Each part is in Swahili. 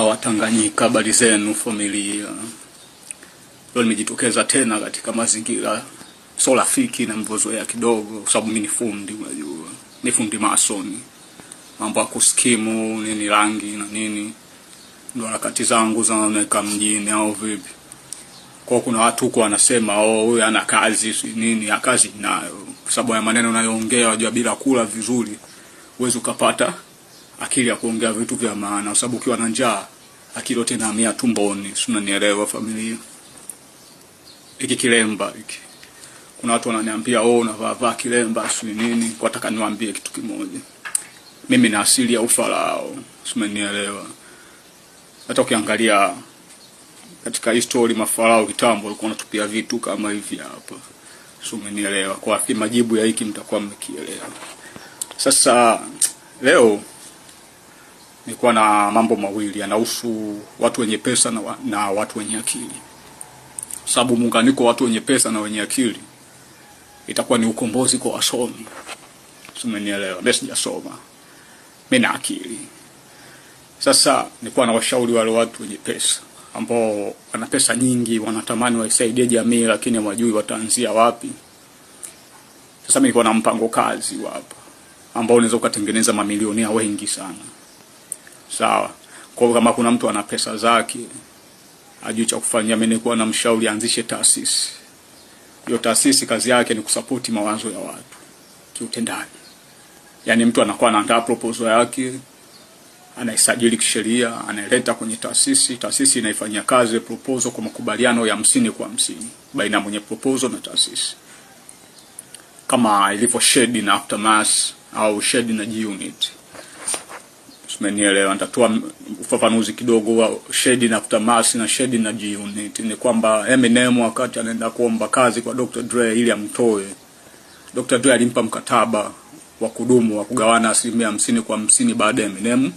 Mtaa wa Tanganyika, habari zenu familia? Leo nimejitokeza tena katika mazingira sio rafiki na mvozoea kidogo, kwa sababu mimi ni fundi, unajua ni fundi masoni, mambo ya kuskimu nini rangi na nini ndio harakati zangu zinaoneka mjini au vipi. Kwa kuna watu huko wanasema oh, huyu ana kazi nini, ya kazi nayo, kwa sababu ya maneno unayoongea, unajua bila kula vizuri huwezi ukapata akili ya kuongea vitu vya maana, kwa sababu ukiwa na njaa akili yote inahamia tumboni, si unanielewa familia? Hiki kilemba hiki, kuna watu wananiambia oh, unavaa vaa kilemba si nini. Kwataka niwaambie kitu kimoja, mimi na asili ya Ufarao, si unanielewa? Hata ukiangalia katika history mafarao kitambo walikuwa wanatupia vitu kama hivi hapa, si umenielewa? Kwa majibu ya hiki mtakuwa mmekielewa. Sasa leo nilikuwa na mambo mawili yanahusu watu wenye pesa na, wa, na watu wenye akili, sababu muunganiko wa watu wenye pesa na wenye akili itakuwa ni ukombozi kwa wasomi. Simenielewa? Mimi sijasoma, mimi na akili. Sasa nilikuwa na washauri wale watu wenye pesa ambao wana pesa nyingi, wanatamani waisaidie jamii, lakini hawajui wataanzia wapi. Sasa mimi nilikuwa na mpango kazi hapa ambao unaweza ukatengeneza mamilionea wengi sana sawa. Kwa hiyo kama kuna mtu ana pesa zake ajui cha kufanya, mimi nilikuwa namshauri anzishe taasisi. Hiyo taasisi kazi yake ni kusapoti mawazo ya watu kiutendaji, yaani mtu anakuwa anaandaa proposal yake anaisajili kisheria, anaileta kwenye taasisi. Taasisi inaifanyia kazi proposal kwa makubaliano ya hamsini kwa hamsini baina ya mwenye proposal na taasisi, kama ilivyo shed na Aftermath au shed na G-Unit. Umenielewa? Nitatoa ufafanuzi kidogo wa Shedi na Kutamasi na Shedi na G-Unit. Ni kwamba Eminem wakati anaenda kuomba kazi kwa Dr. Dre ili amtoe, Dr. Dre alimpa mkataba wa kudumu wa kugawana asilimia hamsini kwa hamsini baada ya Eminem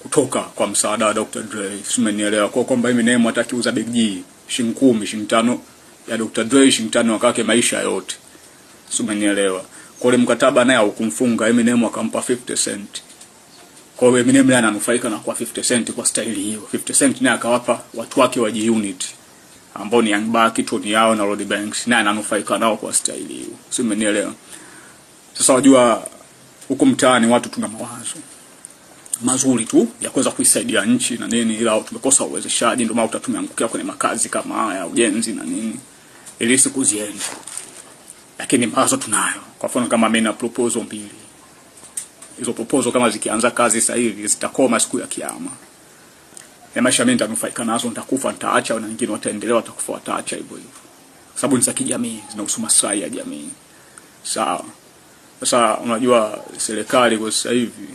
kutoka kwa msaada wa Dr. Dre. Umenielewa? Kwa kwamba Eminem atakiuza Big G shilingi 10, shilingi 5 ya Dr. Dre, shilingi tano wakake maisha yote. Umenielewa? Kwa ule mkataba naye haukumfunga Eminem akampa 50 cent kwa hiyo Eminem naye ananufaika na kwa 50 Cent kwa staili hiyo. 50 Cent naye akawapa watu wake wa G-Unit ambao ni Young Buck, Tony Yao na Lloyd Banks naye ananufaika nao kwa staili hiyo. Sio, umenielewa? Sasa wajua huko mtaani watu tuna mawazo mazuri tu ya kuweza kuisaidia nchi na nini, ila tumekosa uwezeshaji, ndio maana tumeangukia kwenye makazi kama haya, ujenzi na nini, ili siku ziende. Lakini mawazo tunayo. Kwa mfano kama mimi na proposal mbili hizo proposal kama zikianza kazi sasa hivi zitakoma siku ya kiyama. Na maisha mimi nitanufaika nazo, nitakufa nitaacha, na wengine wataendelea, watakufa wataacha hivyo hivyo, kwa sababu ni za kijamii, zinahusu maslahi ya jamii. Sawa. Sasa unajua serikali kwa sasa hivi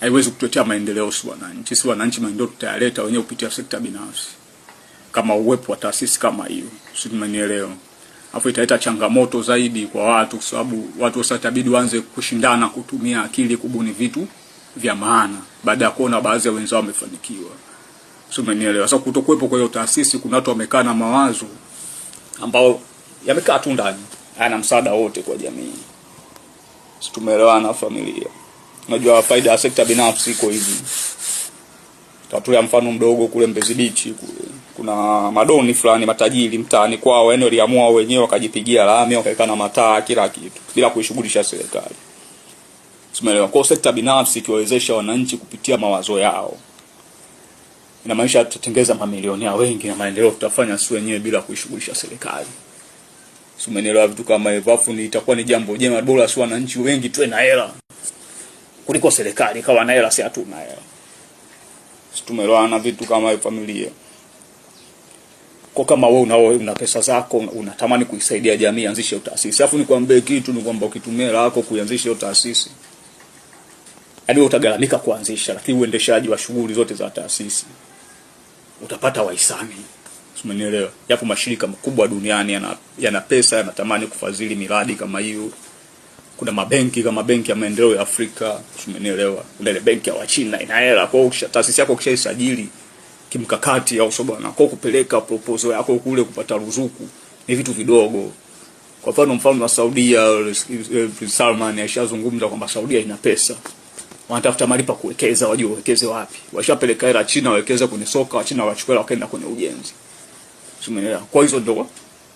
haiwezi kutuletea maendeleo sisi wananchi. Sisi wananchi maendeleo tutayaleta wenyewe kupitia sekta binafsi, kama uwepo wa taasisi kama hiyo, si tunanielewa? afu italeta changamoto zaidi kwa watu, kwa sababu watu sasa itabidi waanze kushindana kutumia akili kubuni vitu vya maana baada ya kuona baadhi ya wenzao wamefanikiwa. Sio, umenielewa? Sasa kutokuwepo kwa hiyo taasisi, kuna watu wamekaa na mawazo ambao yamekaa tu ndani, hayana msaada wote kwa jamii. Tumeelewana familia. Unajua faida ya sekta binafsi iko hivi. Tatolea mfano mdogo, kule Mbezi Beach kule kuna madoni fulani matajiri mtaani kwao, yani waliamua wenyewe wakajipigia lami wakaweka na mataa kila kitu bila kuishughulisha serikali. Tumeelewa. Kwa sekta binafsi ikiwawezesha wananchi kupitia mawazo yao, Na inamaanisha tutatengeza ya wengi na maendeleo tutafanya si wenyewe bila kuishughulisha serikali. Simenelewa vitu kama hivyo, ni itakuwa ni jambo jema, bora sio wananchi wengi tuwe na hela kuliko serikali kawa na hela, si hatuna hela tumelewana vitu kama familia. Kwa kama wewe unao una pesa zako unatamani kuisaidia jamii, anzishe hiyo taasisi. Alafu nikwambie kitu ni kwamba ukitumia hela yako kuanzisha hiyo taasisi, hadi yaani wewe utagharamika kuanzisha, lakini uendeshaji wa shughuli zote za taasisi utapata wahisani. Simenielewa? Yapo mashirika makubwa duniani yana, yana pesa yanatamani kufadhili miradi kama hiyo kuna mabenki kama benki ya maendeleo ya Afrika, umenielewa? Kuna ile benki ya Wachina ina hela. Kwa hiyo taasisi yako ukishaisajili kimkakati, au soba na Kwa kupeleka proposal yako kule kupata ruzuku ni vitu vidogo. Kwa mfano, mfano wa Saudia Prince eh, Salman ashazungumza kwamba Saudia ina pesa, wanatafuta mahali pa kuwekeza, wajue wawekeze wapi. Washapeleka hela China, wawekeze kwenye soka, wa China wachukua wakaenda kwenye ujenzi, umenielewa? Kwa hizo ndo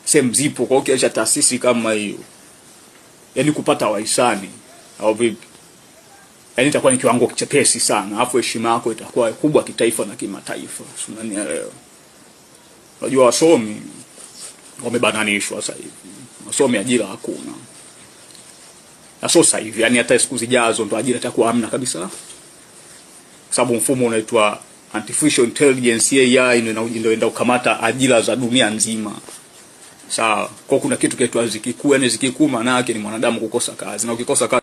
sehemu zipo. Kwa hiyo taasisi kama hiyo yani kupata wahisani au vipi? Yani itakuwa ni kiwango kichepesi sana, afu heshima yako itakuwa kubwa kitaifa na kimataifa. Unanielewa? Unajua wasomi wamebananishwa sasa hivi, wasomi ajira hakuna na sio sasa hivi, yani hata siku zijazo ndo ajira itakuwa hamna kabisa, sababu mfumo unaitwa artificial intelligence AI ndio ndio ukamata ajira za dunia nzima sawa. Kwa kuna kitu kinaitwa riziki ni yani riziki yake ni mwanadamu kukosa kazi, na ukikosa kazi